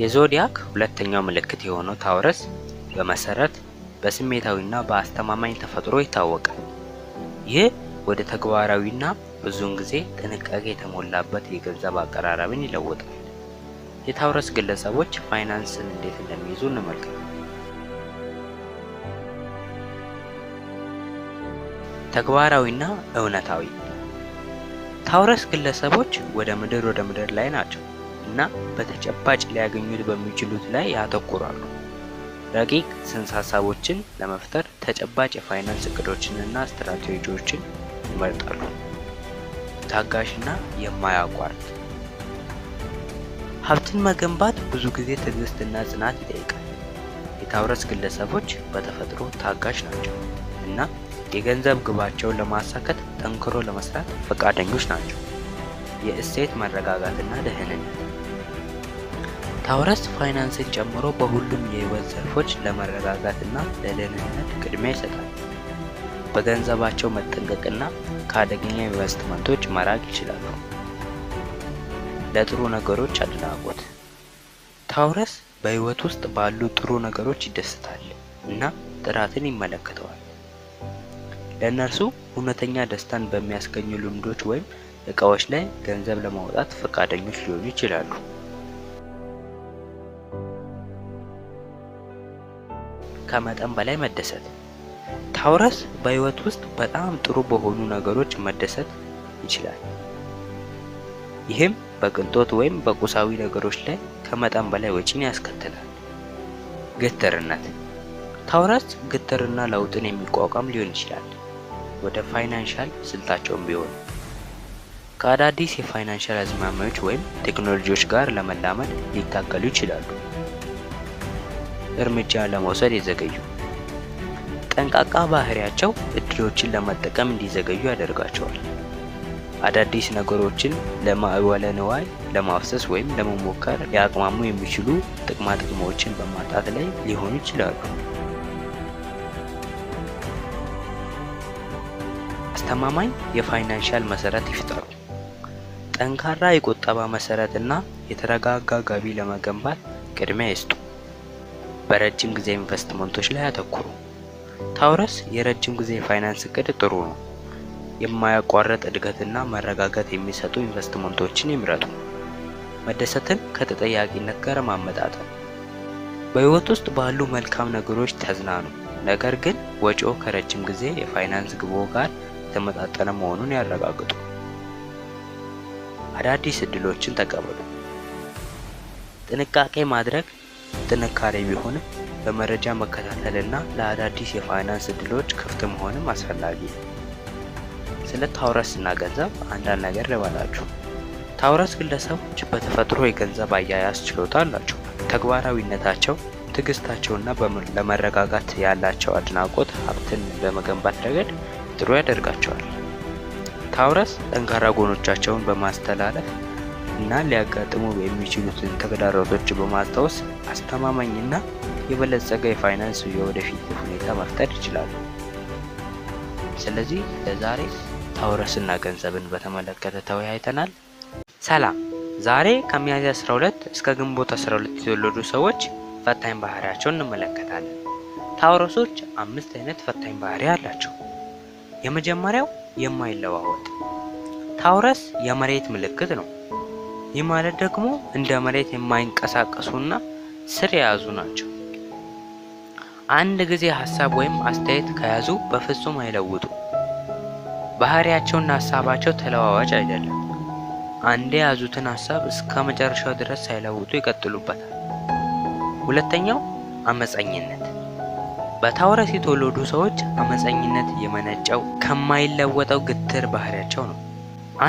የዞዲያክ ሁለተኛው ምልክት የሆነው ታውረስ በመሰረት በስሜታዊና በአስተማማኝ ተፈጥሮ ይታወቃል። ይህ ወደ ተግባራዊና ብዙውን ጊዜ ጥንቃቄ የተሞላበት የገንዘብ አቀራረብን ይለውጣል። የታውረስ ግለሰቦች ፋይናንስን እንዴት እንደሚይዙ እንመልከት። ተግባራዊና እውነታዊ ታውረስ ግለሰቦች ወደ ምድር ወደ ምድር ላይ ናቸው። እና በተጨባጭ ሊያገኙት በሚችሉት ላይ ያተኩራሉ። ረቂቅ ጽንሰ ሀሳቦችን ለመፍጠር ተጨባጭ የፋይናንስ እቅዶችንና ስትራቴጂዎችን ይመርጣሉ። ታጋሽና የማያቋርጥ ሀብትን መገንባት ብዙ ጊዜ ትዕግስትና ጽናት ይጠይቃል። የታውረስ ግለሰቦች በተፈጥሮ ታጋሽ ናቸው እና የገንዘብ ግባቸውን ለማሳከት ጠንክሮ ለመስራት ፈቃደኞች ናቸው። የእሴት መረጋጋትና ደህንነት ታውረስ ፋይናንስን ጨምሮ በሁሉም የህይወት ዘርፎች ለመረጋጋትና ለደህንነት ቅድሚያ ይሰጣል። በገንዘባቸው መጠንቀቅና ከአደገኛ ኢንቨስትመንቶች መራቅ ይችላሉ። ለጥሩ ነገሮች አድናቆት ታውረስ በህይወት ውስጥ ባሉ ጥሩ ነገሮች ይደሰታል እና ጥራትን ይመለከተዋል። ለእነርሱ እውነተኛ ደስታን በሚያስገኙ ልምዶች ወይም እቃዎች ላይ ገንዘብ ለማውጣት ፈቃደኞች ሊሆኑ ይችላሉ። ከመጠን በላይ መደሰት። ታውረስ በህይወት ውስጥ በጣም ጥሩ በሆኑ ነገሮች መደሰት ይችላል። ይህም በቅንጦት ወይም በቁሳዊ ነገሮች ላይ ከመጠን በላይ ወጪን ያስከትላል። ግትርነት ታውረስ ግትርና ለውጥን የሚቋቋም ሊሆን ይችላል፣ ወደ ፋይናንሻል ስልታቸውም ቢሆን ከአዳዲስ የፋይናንሻል አዝማሚያዎች ወይም ቴክኖሎጂዎች ጋር ለመላመድ ሊታገሉ ይችላሉ። እርምጃ ለመውሰድ የዘገዩ ጠንቃቃ ባህሪያቸው እድሎችን ለመጠቀም እንዲዘገዩ ያደርጋቸዋል። አዳዲስ ነገሮችን ለማዕበለ ንዋይ ለማፍሰስ ወይም ለመሞከር ሊያቅማሙ የሚችሉ ጥቅማ ጥቅሞችን በማጣት ላይ ሊሆኑ ይችላሉ። አስተማማኝ የፋይናንሻል መሰረት ይፍጠሩ። ጠንካራ የቁጠባ መሰረትና የተረጋጋ ገቢ ለመገንባት ቅድሚያ ይስጡ። በረጅም ጊዜ ኢንቨስትመንቶች ላይ አተኩሩ። ታውረስ የረጅም ጊዜ የፋይናንስ እቅድ ጥሩ ነው። የማያቋረጥ እድገትና መረጋጋት የሚሰጡ ኢንቨስትመንቶችን ይምረጡ። መደሰትን ከተጠያቂነት ጋር ማመጣጠን። በህይወት ውስጥ ባሉ መልካም ነገሮች ተዝናኑ፣ ነገር ግን ወጪው ከረጅም ጊዜ የፋይናንስ ግቦ ጋር የተመጣጠነ መሆኑን ያረጋግጡ። አዳዲስ እድሎችን ተቀበሉ። ጥንቃቄ ማድረግ ጥንካሬ ቢሆንም በመረጃ መከታተልና ለአዳዲስ የፋይናንስ እድሎች ክፍት መሆንም አስፈላጊ ነው። ስለ ታውረስ እና ገንዘብ አንዳንድ ነገር ልበላችሁ። ታውረስ ግለሰቦች በተፈጥሮ የገንዘብ አያያዝ ችሎታ አላቸው። ተግባራዊነታቸው፣ ትዕግስታቸውና ለመረጋጋት ያላቸው አድናቆት ሀብትን በመገንባት ረገድ ጥሩ ያደርጋቸዋል። ታውረስ ጠንካራ ጎኖቻቸውን በማስተላለፍ እና ሊያጋጥሙ የሚችሉትን ተግዳሮቶች በማስታወስ አስተማማኝና የበለጸገ የፋይናንስ የወደፊት ሁኔታ መፍጠር ይችላሉ። ስለዚህ ለዛሬ ታውረስና ገንዘብን በተመለከተ ተወያይተናል። ሰላም። ዛሬ ከሚያዝያ 12 እስከ ግንቦት 12 የተወለዱ ሰዎች ፈታኝ ባህሪያቸውን እንመለከታለን። ታውረሶች አምስት አይነት ፈታኝ ባህሪ አላቸው። የመጀመሪያው የማይለዋወጥ ታውረስ የመሬት ምልክት ነው። ይህ ማለት ደግሞ እንደ መሬት የማይንቀሳቀሱና ስር የያዙ ናቸው። አንድ ጊዜ ሀሳብ ወይም አስተያየት ከያዙ በፍጹም አይለውጡ። ባህሪያቸውና ሀሳባቸው ተለዋዋጭ አይደለም። አንድ የያዙትን ሀሳብ እስከ መጨረሻው ድረስ ሳይለውጡ ይቀጥሉበታል። ሁለተኛው አመፀኝነት። በታውረስ የተወለዱ ሰዎች አመፀኝነት የመነጨው ከማይለወጠው ግትር ባህሪያቸው ነው።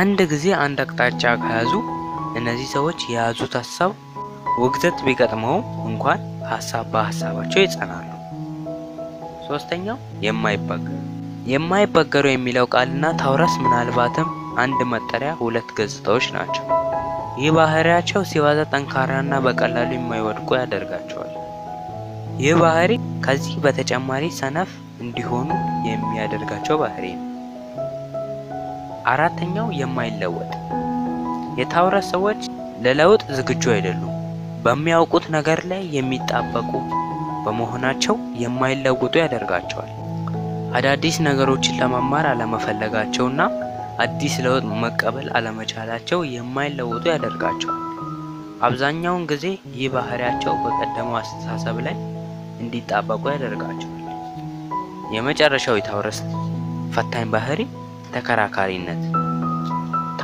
አንድ ጊዜ አንድ አቅጣጫ ከያዙ እነዚህ ሰዎች የያዙት ሀሳብ ውግዘት ቢገጥመው እንኳን ሀሳብ በሀሳባቸው ይጸናሉ። ሶስተኛው የማይበገር የማይበገሩ የሚለው ቃልና ታውረስ ምናልባትም አንድ መጠሪያ ሁለት ገጽታዎች ናቸው። ይህ ባህሪያቸው ሲበዛ ጠንካራና በቀላሉ የማይወድቁ ያደርጋቸዋል። ይህ ባህሪ ከዚህ በተጨማሪ ሰነፍ እንዲሆኑ የሚያደርጋቸው ባህሪ ነው። አራተኛው የማይለወጥ የታውረስ ሰዎች ለለውጥ ዝግጁ አይደሉም። በሚያውቁት ነገር ላይ የሚጣበቁ በመሆናቸው የማይለውጡ ያደርጋቸዋል። አዳዲስ ነገሮችን ለመማር አለመፈለጋቸውና አዲስ ለውጥ መቀበል አለመቻላቸው የማይለውጡ ያደርጋቸዋል። አብዛኛውን ጊዜ ይህ ባህሪያቸው በቀደመው አስተሳሰብ ላይ እንዲጣበቁ ያደርጋቸዋል። የመጨረሻው የታውረስ ፈታኝ ባህሪ ተከራካሪነት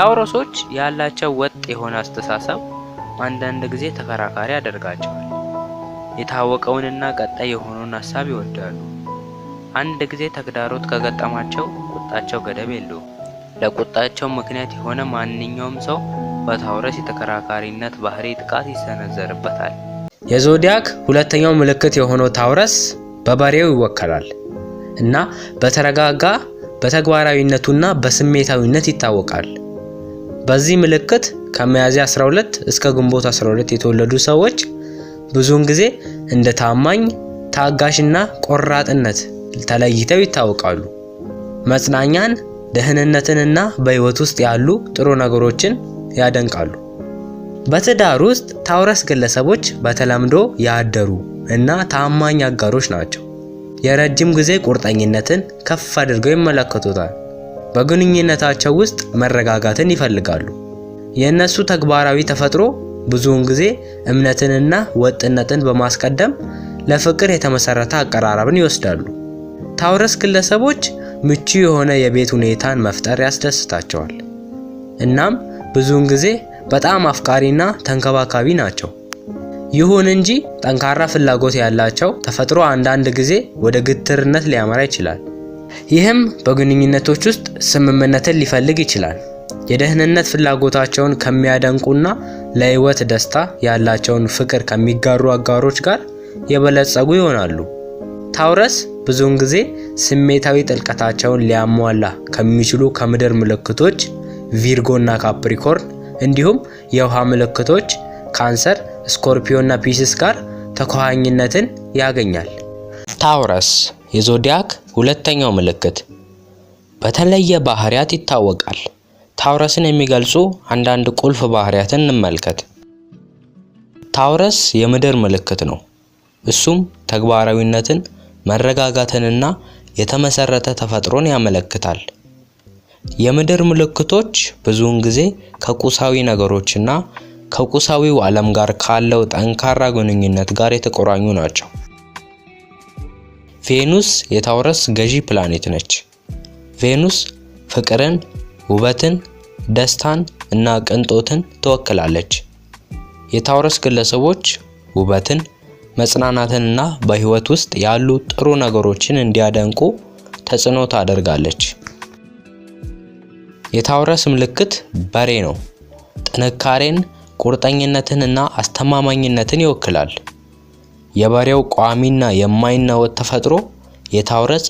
ታውሮሶች ያላቸው ወጥ የሆነ አስተሳሰብ አንዳንድ ጊዜ ተከራካሪ ያደርጋቸዋል። የታወቀውንና ቀጣይ የሆነውን ሀሳብ ይወዳሉ። አንድ ጊዜ ተግዳሮት ከገጠማቸው ቁጣቸው ገደብ የለውም። ለቁጣቸው ምክንያት የሆነ ማንኛውም ሰው በታውረስ የተከራካሪነት ባህሪ ጥቃት ይሰነዘርበታል። የዞዲያክ ሁለተኛው ምልክት የሆነው ታውረስ በበሬው ይወከላል እና በተረጋጋ በተግባራዊነቱና በስሜታዊነት ይታወቃል። በዚህ ምልክት ከሚያዝያ 12 እስከ ግንቦት 12 የተወለዱ ሰዎች ብዙውን ጊዜ እንደ ታማኝ፣ ታጋሽና ቆራጥነት ተለይተው ይታወቃሉ። መጽናኛን፣ ደህንነትንና በሕይወት ውስጥ ያሉ ጥሩ ነገሮችን ያደንቃሉ። በትዳር ውስጥ ታውረስ ግለሰቦች በተለምዶ ያደሩ እና ታማኝ አጋሮች ናቸው። የረጅም ጊዜ ቁርጠኝነትን ከፍ አድርገው ይመለከቱታል። በግንኙነታቸው ውስጥ መረጋጋትን ይፈልጋሉ። የእነሱ ተግባራዊ ተፈጥሮ ብዙውን ጊዜ እምነትንና ወጥነትን በማስቀደም ለፍቅር የተመሰረተ አቀራረብን ይወስዳሉ። ታውረስ ግለሰቦች ምቹ የሆነ የቤት ሁኔታን መፍጠር ያስደስታቸዋል። እናም ብዙውን ጊዜ በጣም አፍቃሪና ተንከባካቢ ናቸው። ይሁን እንጂ ጠንካራ ፍላጎት ያላቸው ተፈጥሮ አንዳንድ ጊዜ ወደ ግትርነት ሊያመራ ይችላል። ይህም በግንኙነቶች ውስጥ ስምምነትን ሊፈልግ ይችላል። የደህንነት ፍላጎታቸውን ከሚያደንቁና ለህይወት ደስታ ያላቸውን ፍቅር ከሚጋሩ አጋሮች ጋር የበለጸጉ ይሆናሉ። ታውረስ ብዙውን ጊዜ ስሜታዊ ጥልቀታቸውን ሊያሟላ ከሚችሉ ከምድር ምልክቶች ቪርጎና ካፕሪኮርን እንዲሁም የውሃ ምልክቶች ካንሰር፣ ስኮርፒዮና ፒስስ ጋር ተኳኋኝነትን ያገኛል። ታውረስ የዞዲያክ ሁለተኛው ምልክት በተለየ ባህሪያት ይታወቃል። ታውረስን የሚገልጹ አንዳንድ ቁልፍ ባህሪያትን እንመልከት። ታውረስ የምድር ምልክት ነው። እሱም ተግባራዊነትን፣ መረጋጋትንና የተመሰረተ ተፈጥሮን ያመለክታል። የምድር ምልክቶች ብዙውን ጊዜ ከቁሳዊ ነገሮችና ከቁሳዊው ዓለም ጋር ካለው ጠንካራ ግንኙነት ጋር የተቆራኙ ናቸው። ቬኑስ የታውረስ ገዢ ፕላኔት ነች። ቬኑስ ፍቅርን፣ ውበትን፣ ደስታን እና ቅንጦትን ትወክላለች። የታውረስ ግለሰቦች ውበትን፣ መጽናናትንና በህይወት ውስጥ ያሉ ጥሩ ነገሮችን እንዲያደንቁ ተጽዕኖ ታደርጋለች። የታውረስ ምልክት በሬ ነው። ጥንካሬን፣ ቁርጠኝነትን እና አስተማማኝነትን ይወክላል። የበሬው ቋሚና የማይናወጥ ተፈጥሮ የታውረስ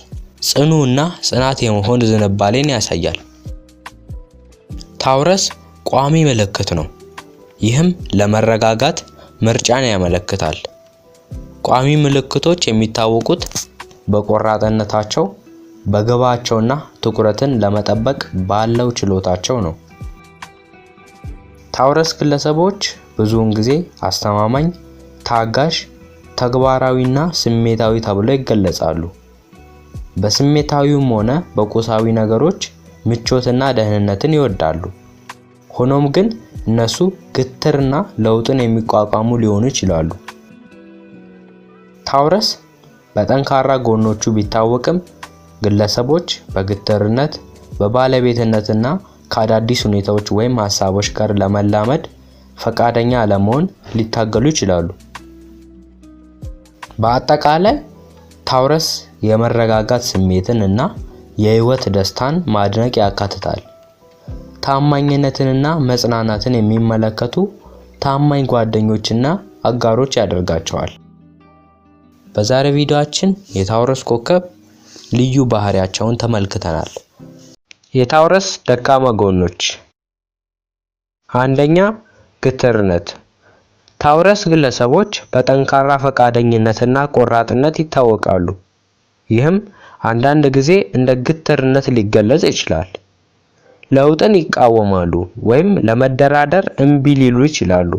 ጽኑና ጽናት የመሆን ዝንባሌን ያሳያል። ታውረስ ቋሚ ምልክት ነው። ይህም ለመረጋጋት ምርጫን ያመለክታል። ቋሚ ምልክቶች የሚታወቁት በቆራጥነታቸው፣ በግባቸውና ትኩረትን ለመጠበቅ ባለው ችሎታቸው ነው። ታውረስ ግለሰቦች ብዙውን ጊዜ አስተማማኝ፣ ታጋሽ ተግባራዊና ስሜታዊ ተብለው ይገለጻሉ። በስሜታዊም ሆነ በቁሳዊ ነገሮች ምቾትና ደህንነትን ይወዳሉ። ሆኖም ግን እነሱ ግትርና ለውጥን የሚቋቋሙ ሊሆኑ ይችላሉ። ታውረስ በጠንካራ ጎኖቹ ቢታወቅም ግለሰቦች በግትርነት በባለቤትነትና ከአዳዲስ ሁኔታዎች ወይም ሀሳቦች ጋር ለመላመድ ፈቃደኛ ለመሆን ሊታገሉ ይችላሉ። በአጠቃላይ ታውረስ የመረጋጋት ስሜትን እና የህይወት ደስታን ማድነቅ ያካትታል። ታማኝነትንና መጽናናትን የሚመለከቱ ታማኝ ጓደኞችና አጋሮች ያደርጋቸዋል። በዛሬ ቪዲዮአችን የታውረስ ኮከብ ልዩ ባህሪያቸውን ተመልክተናል። የታውረስ ደካማ ጎኖች፣ አንደኛ ግትርነት ታውረስ ግለሰቦች በጠንካራ ፈቃደኝነትና ቆራጥነት ይታወቃሉ። ይህም አንዳንድ ጊዜ እንደ ግትርነት ሊገለጽ ይችላል። ለውጥን ይቃወማሉ ወይም ለመደራደር እምቢ ሊሉ ይችላሉ።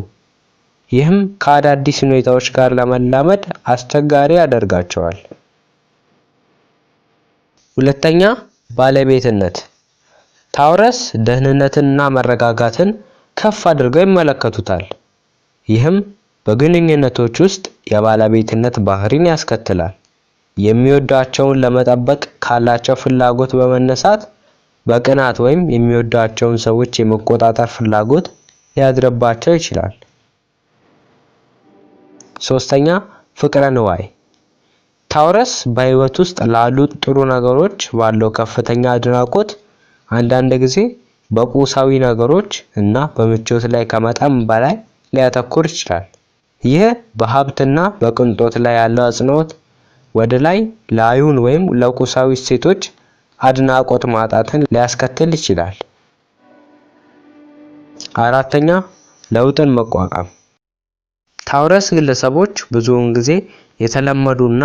ይህም ከአዳዲስ ሁኔታዎች ጋር ለመላመድ አስቸጋሪ ያደርጋቸዋል። ሁለተኛ፣ ባለቤትነት። ታውረስ ደህንነትንና መረጋጋትን ከፍ አድርገው ይመለከቱታል። ይህም በግንኙነቶች ውስጥ የባለቤትነት ባህሪን ያስከትላል። የሚወዷቸውን ለመጠበቅ ካላቸው ፍላጎት በመነሳት በቅናት ወይም የሚወዷቸውን ሰዎች የመቆጣጠር ፍላጎት ሊያድርባቸው ይችላል። ሶስተኛ ፍቅረ ንዋይ። ታውረስ በህይወት ውስጥ ላሉ ጥሩ ነገሮች ባለው ከፍተኛ አድናቆት አንዳንድ ጊዜ በቁሳዊ ነገሮች እና በምቾት ላይ ከመጠን በላይ ሊያተኩር ይችላል። ይህ በሀብትና በቅንጦት ላይ ያለው አጽንዖት ወደ ላይ ለአዩን ወይም ለቁሳዊ እሴቶች አድናቆት ማጣትን ሊያስከትል ይችላል። አራተኛ ለውጥን መቋቋም። ታውረስ ግለሰቦች ብዙውን ጊዜ የተለመዱና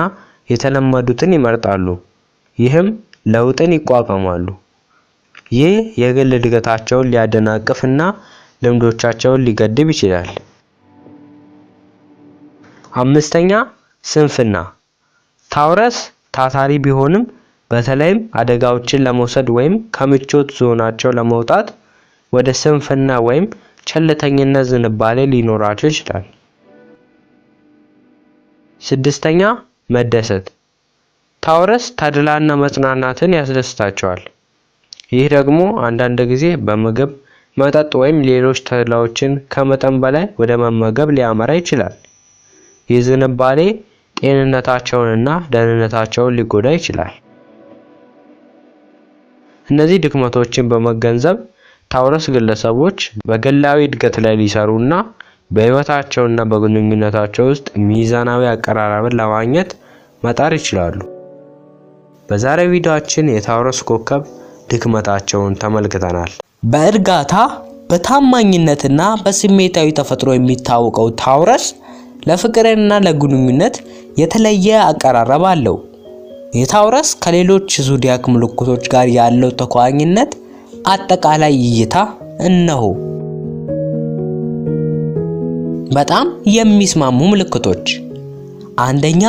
የተለመዱትን ይመርጣሉ፣ ይህም ለውጥን ይቋቋማሉ። ይህ የግል እድገታቸውን ሊያደናቅፍ እና ልምዶቻቸውን ሊገድብ ይችላል። አምስተኛ ስንፍና ታውረስ ታታሪ ቢሆንም በተለይም አደጋዎችን ለመውሰድ ወይም ከምቾት ዞናቸው ለመውጣት ወደ ስንፍና ወይም ቸልተኝነት ዝንባሌ ሊኖራቸው ይችላል። ስድስተኛ መደሰት ታውረስ ተድላና መጽናናትን ያስደስታቸዋል። ይህ ደግሞ አንዳንድ ጊዜ በምግብ መጠጥ ወይም ሌሎች ተላዎችን ከመጠን በላይ ወደ መመገብ ሊያመራ ይችላል። ይህ ዝንባሌ ጤንነታቸውንና ደህንነታቸውን ሊጎዳ ይችላል። እነዚህ ድክመቶችን በመገንዘብ ታውረስ ግለሰቦች በግላዊ እድገት ላይ ሊሰሩና በህይወታቸውና በግንኙነታቸው ውስጥ ሚዛናዊ አቀራረብን ለማግኘት መጣር ይችላሉ። በዛሬው ቪዲዮአችን የታውረስ ኮከብ ድክመታቸውን ተመልክተናል። በእርጋታ በታማኝነትና በስሜታዊ ተፈጥሮ የሚታወቀው ታውረስ ለፍቅርና ለግንኙነት የተለየ አቀራረብ አለው። የታውረስ ከሌሎች ዙዲያክ ምልክቶች ጋር ያለው ተኳኝነት አጠቃላይ እይታ እነሆ። በጣም የሚስማሙ ምልክቶች፣ አንደኛ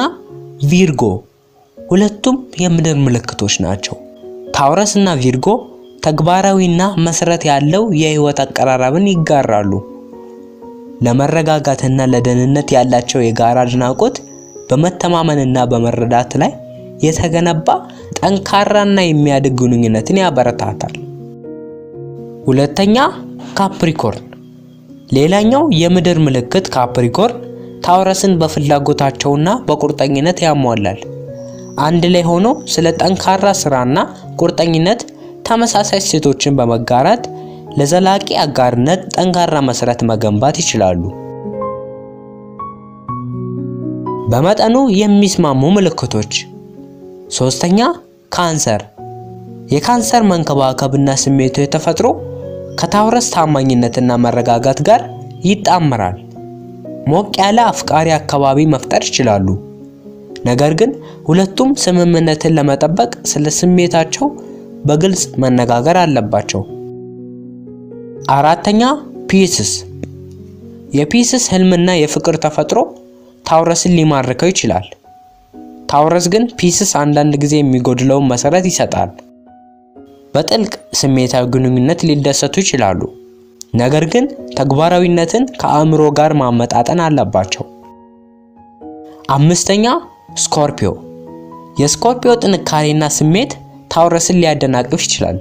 ቪርጎ፣ ሁለቱም የምድር ምልክቶች ናቸው። ታውረስ እና ቪርጎ ተግባራዊና መሰረት ያለው የህይወት አቀራረብን ይጋራሉ። ለመረጋጋትና ለደህንነት ያላቸው የጋራ አድናቆት በመተማመንና በመረዳት ላይ የተገነባ ጠንካራና የሚያድግ ግንኙነትን ያበረታታል። ሁለተኛ ካፕሪኮርን። ሌላኛው የምድር ምልክት ካፕሪኮርን ታውረስን በፍላጎታቸውና በቁርጠኝነት ያሟላል። አንድ ላይ ሆኖ ስለ ጠንካራ ስራና ቁርጠኝነት ተመሳሳይ እሴቶችን በመጋራት ለዘላቂ አጋርነት ጠንካራ መሰረት መገንባት ይችላሉ። በመጠኑ የሚስማሙ ምልክቶች። ሶስተኛ ካንሰር። የካንሰር መንከባከብና ስሜቱ የተፈጥሮ ከታውረስ ታማኝነትና መረጋጋት ጋር ይጣመራል። ሞቅ ያለ አፍቃሪ አካባቢ መፍጠር ይችላሉ። ነገር ግን ሁለቱም ስምምነትን ለመጠበቅ ስለ ስሜታቸው በግልጽ መነጋገር አለባቸው። አራተኛ ፒስስ። የፒስስ ህልምና የፍቅር ተፈጥሮ ታውረስን ሊማርከው ይችላል። ታውረስ ግን ፒስስ አንዳንድ ጊዜ የሚጎድለውን መሰረት ይሰጣል። በጥልቅ ስሜታዊ ግንኙነት ሊደሰቱ ይችላሉ፣ ነገር ግን ተግባራዊነትን ከአእምሮ ጋር ማመጣጠን አለባቸው። አምስተኛ ስኮርፒዮ። የስኮርፒዮ ጥንካሬና ስሜት ታውረስን ሊያደናቅፍ ይችላል።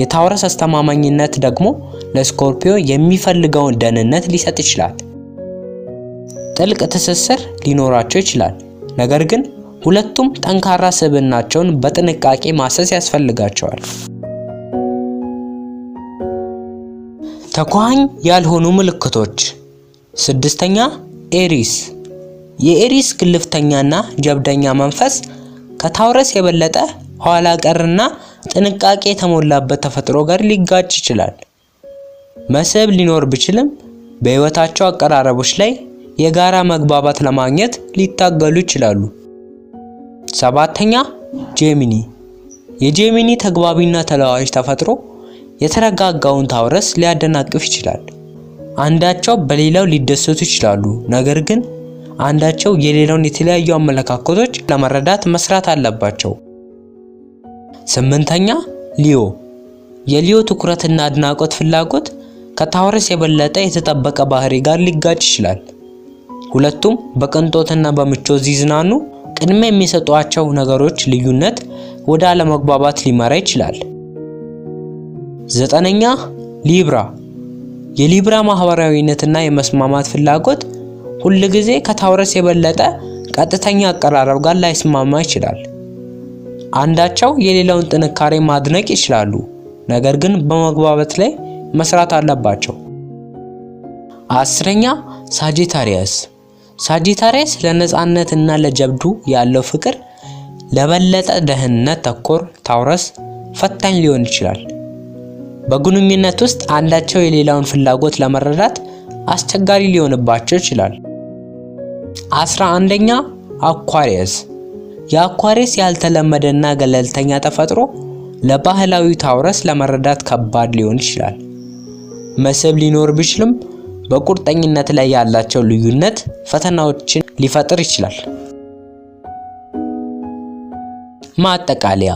የታውረስ አስተማማኝነት ደግሞ ለስኮርፒዮ የሚፈልገውን ደህንነት ሊሰጥ ይችላል። ጥልቅ ትስስር ሊኖራቸው ይችላል፣ ነገር ግን ሁለቱም ጠንካራ ስብዕናቸውን በጥንቃቄ ማሰስ ያስፈልጋቸዋል። ተኳኝ ያልሆኑ ምልክቶች። ስድስተኛ ኤሪስ። የኤሪስ ግልፍተኛና ጀብደኛ መንፈስ ከታውረስ የበለጠ ኋላ ቀርና ጥንቃቄ የተሞላበት ተፈጥሮ ጋር ሊጋጭ ይችላል። መስህብ ሊኖር ቢችልም በህይወታቸው አቀራረቦች ላይ የጋራ መግባባት ለማግኘት ሊታገሉ ይችላሉ። ሰባተኛ ጄሚኒ። የጄሚኒ ተግባቢና ተለዋዋጭ ተፈጥሮ የተረጋጋውን ታውረስ ሊያደናቅፍ ይችላል። አንዳቸው በሌላው ሊደሰቱ ይችላሉ፣ ነገር ግን አንዳቸው የሌላውን የተለያዩ አመለካከቶች ለመረዳት መስራት አለባቸው። ስምንተኛ ሊዮ የሊዮ ትኩረትና አድናቆት ፍላጎት ከታውረስ የበለጠ የተጠበቀ ባህሪ ጋር ሊጋጭ ይችላል። ሁለቱም በቅንጦትና በምቾት ሲዝናኑ ቅድሚያ የሚሰጧቸው ነገሮች ልዩነት ወደ አለመግባባት ሊመራ ይችላል። ዘጠነኛ ሊብራ የሊብራ ማህበራዊነትና የመስማማት ፍላጎት ጊዜ ከታውረስ የበለጠ ቀጥተኛ አቀራረብ ጋር ላይስማማ ይችላል። አንዳቸው የሌላውን ጥንካሬ ማድነቅ ይችላሉ፣ ነገር ግን በመግባባት ላይ መስራት አለባቸው። አስረኛ ሳጂታሪያስ። ሳጂታሪያስ ለነፃነት እና ለጀብዱ ያለው ፍቅር ለበለጠ ደህንነት ተኮር ታውረስ ፈታኝ ሊሆን ይችላል። በግንኙነት ውስጥ አንዳቸው የሌላውን ፍላጎት ለመረዳት አስቸጋሪ ሊሆንባቸው ይችላል። አስራ አንደኛ አኳሪየስ የአኳሪየስ ያልተለመደና ገለልተኛ ተፈጥሮ ለባህላዊ ታውረስ ለመረዳት ከባድ ሊሆን ይችላል። መስህብ ሊኖር ቢችልም በቁርጠኝነት ላይ ያላቸው ልዩነት ፈተናዎችን ሊፈጥር ይችላል። ማጠቃለያ፣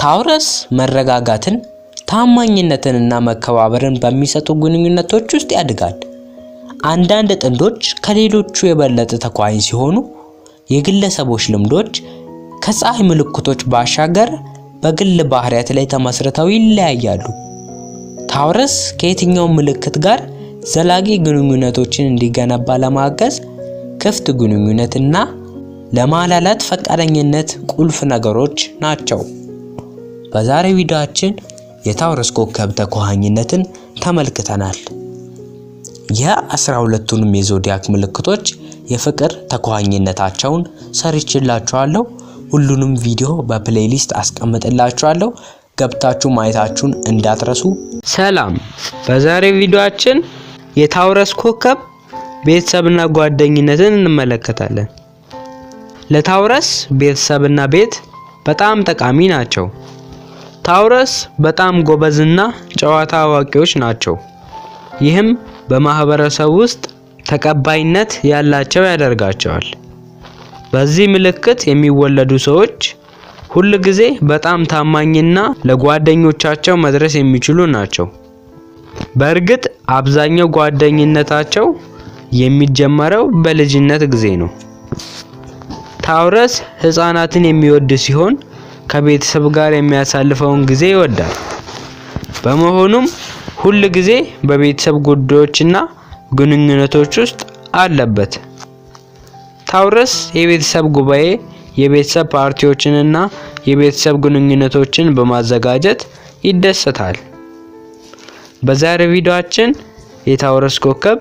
ታውረስ መረጋጋትን፣ ታማኝነትንና መከባበርን በሚሰጡ ግንኙነቶች ውስጥ ያድጋል። አንዳንድ ጥንዶች ከሌሎቹ የበለጠ ተኳይ ሲሆኑ የግለሰቦች ልምዶች ከፀሐይ ምልክቶች ባሻገር በግል ባህሪያት ላይ ተመስርተው ይለያያሉ። ታውረስ ከየትኛው ምልክት ጋር ዘላቂ ግንኙነቶችን እንዲገነባ ለማገዝ ክፍት ግንኙነትና ለማላላት ፈቃደኝነት ቁልፍ ነገሮች ናቸው። በዛሬ ቪዲዮአችን የታውረስ ኮከብ ተኳኋኝነትን ተመልክተናል። የአስራ ሁለቱንም የዞዲያክ ምልክቶች የፍቅር ተኳኝነታቸውን ሰርችላችኋለሁ። ሁሉንም ቪዲዮ በፕሌሊስት አስቀምጥላችኋለሁ። ገብታችሁ ማየታችሁን እንዳትረሱ። ሰላም፣ በዛሬ ቪዲዮአችን የታውረስ ኮከብ ቤተሰብና ጓደኝነትን እንመለከታለን። ለታውረስ ቤተሰብና ቤት በጣም ጠቃሚ ናቸው። ታውረስ በጣም ጎበዝና ጨዋታ አዋቂዎች ናቸው። ይህም በማህበረሰብ ውስጥ ተቀባይነት ያላቸው ያደርጋቸዋል። በዚህ ምልክት የሚወለዱ ሰዎች ሁል ጊዜ በጣም ታማኝና ለጓደኞቻቸው መድረስ የሚችሉ ናቸው። በእርግጥ አብዛኛው ጓደኝነታቸው የሚጀመረው በልጅነት ጊዜ ነው። ታውረስ ህፃናትን የሚወድ ሲሆን ከቤተሰብ ጋር የሚያሳልፈውን ጊዜ ይወዳል። በመሆኑም ሁል ጊዜ በቤተሰብ ጉዳዮችና ግንኙነቶች ውስጥ አለበት። ታውረስ የቤተሰብ ጉባኤ የቤተሰብ ፓርቲዎችንና የቤተሰብ ግንኙነቶችን በማዘጋጀት ይደሰታል። በዛሬ ቪዲዮአችን የታውረስ ኮከብ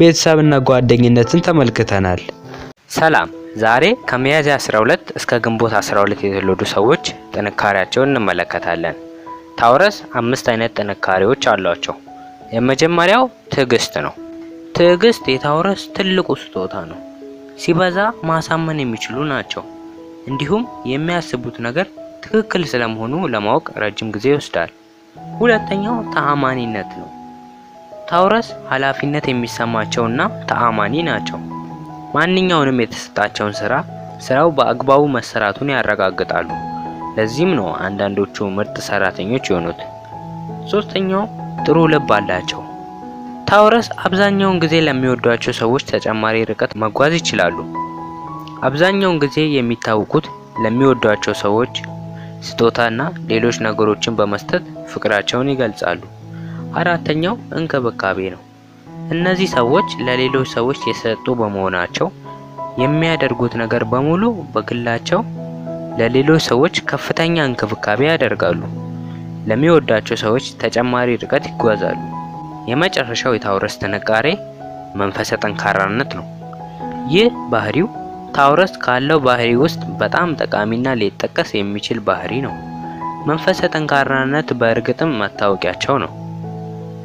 ቤተሰብና ጓደኝነትን ተመልክተናል። ሰላም፣ ዛሬ ከሚያዝያ 12 እስከ ግንቦት 12 የተወለዱ ሰዎች ጥንካሬያቸውን እንመለከታለን። ታውረስ አምስት አይነት ጥንካሬዎች አሏቸው። የመጀመሪያው ትዕግስት ነው። ትዕግስት የታውረስ ትልቁ ስጦታ ነው። ሲበዛ ማሳመን የሚችሉ ናቸው። እንዲሁም የሚያስቡት ነገር ትክክል ስለመሆኑ ለማወቅ ረጅም ጊዜ ይወስዳል። ሁለተኛው ተአማኒነት ነው። ታውረስ ኃላፊነት የሚሰማቸውና ተአማኒ ናቸው። ማንኛውንም የተሰጣቸውን ስራ ስራው በአግባቡ መሰራቱን ያረጋግጣሉ። ለዚህም ነው አንዳንዶቹ ምርጥ ሰራተኞች የሆኑት። ሶስተኛው ጥሩ ልብ አላቸው። ታውረስ አብዛኛውን ጊዜ ለሚወዷቸው ሰዎች ተጨማሪ ርቀት መጓዝ ይችላሉ። አብዛኛውን ጊዜ የሚታወቁት ለሚወዷቸው ሰዎች ስጦታና ሌሎች ነገሮችን በመስጠት ፍቅራቸውን ይገልጻሉ። አራተኛው እንክብካቤ ነው። እነዚህ ሰዎች ለሌሎች ሰዎች የሰጡ በመሆናቸው የሚያደርጉት ነገር በሙሉ በግላቸው ለሌሎች ሰዎች ከፍተኛ እንክብካቤ ያደርጋሉ። ለሚወዷቸው ሰዎች ተጨማሪ ርቀት ይጓዛሉ። የመጨረሻው የታውረስ ጥንካሬ መንፈሰ ጠንካራነት ነው። ይህ ባህሪው ታውረስ ካለው ባህሪ ውስጥ በጣም ጠቃሚና ሊጠቀስ የሚችል ባህሪ ነው። መንፈሰ ጠንካራነት በእርግጥም መታወቂያቸው ነው።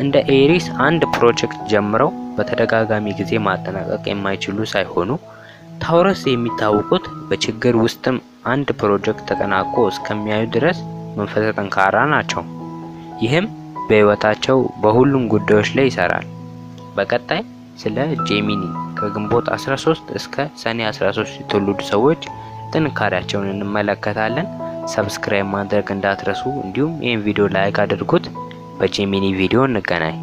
እንደ ኤሪስ አንድ ፕሮጀክት ጀምረው በተደጋጋሚ ጊዜ ማጠናቀቅ የማይችሉ ሳይሆኑ ታውረስ የሚታወቁት በችግር ውስጥም አንድ ፕሮጀክት ተጠናቆ እስከሚያዩ ድረስ መንፈሰ ጠንካራ ናቸው። ይህም በህይወታቸው በሁሉም ጉዳዮች ላይ ይሰራል። በቀጣይ ስለ ጄሚኒ ከግንቦት 13 እስከ ሰኔ 13 የተወለዱ ሰዎች ጥንካሬያቸውን እንመለከታለን። ሰብስክራይብ ማድረግ እንዳትረሱ፣ እንዲሁም ይህን ቪዲዮ ላይክ አድርጉት። በጄሚኒ ቪዲዮ እንገናኝ።